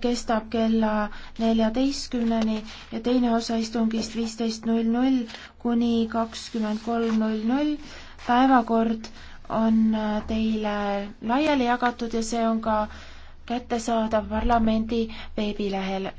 kestab kella neljateistkümneni ja teine osa istungist viisteist null null kuni kakskümmend kolm null null. päevakord on äh, teile laiali jagatud ja see on ka kättesaadav parlamendi veebilehel.